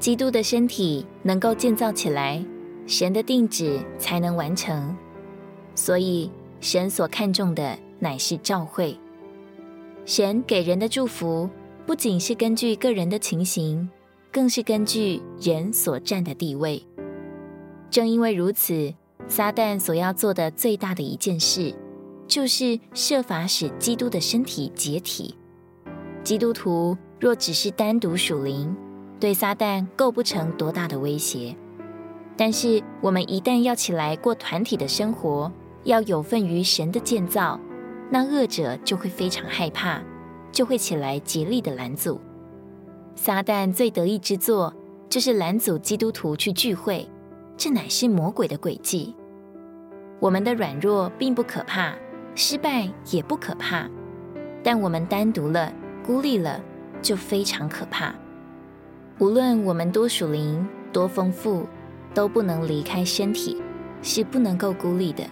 基督的身體能夠建造起來，神的定旨才能完成。所以，神所看重的乃是召會。神給人的祝福，不僅是根據個人的情形，更是根據人所占的地位。正因為如此，撒旦所要做的最大的一件事，就是設法使基督的身體解體。基督徒若只是單獨屬靈，對撒旦構不成多大的威脅，但是我們一旦要起來過團體的生活，要有份於神的建造，那惡者就會非常害怕，就會起來竭力的攔阻。撒旦最得意之作，就是攔阻基督徒去聚會，這乃是魔鬼的詭計。我們的軟弱並不可怕，失敗也不可怕，但我們單獨了、孤立了，就非常可怕。無論我們多屬靈多豐富，都不能離開身體，是不能夠孤立的。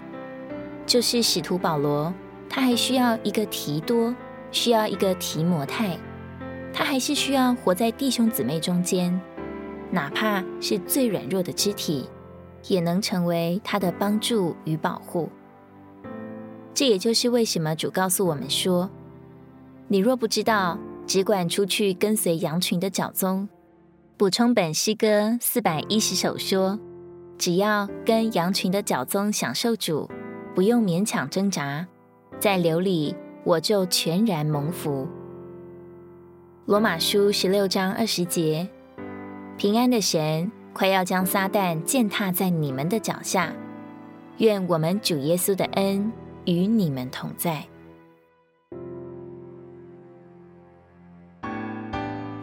就是使徒保羅，他還需要一個提多，需要一個提摩太，他還是需要活在弟兄姊妹中間，哪怕是最軟弱的肢體，也能成為他的幫助與保護。這也就是為什麼主告訴我們說：“你若不知道，只管出去跟隨羊群的腳蹤。”補充本詩歌四百一十首說：只要跟羊群的腳蹤享受主，不用勉強掙扎，在流裡我就全然蒙福。羅馬書十六章二十節：平安的神快要將撒旦踐踏在你們的腳下，願我們主耶穌的恩與你們同在。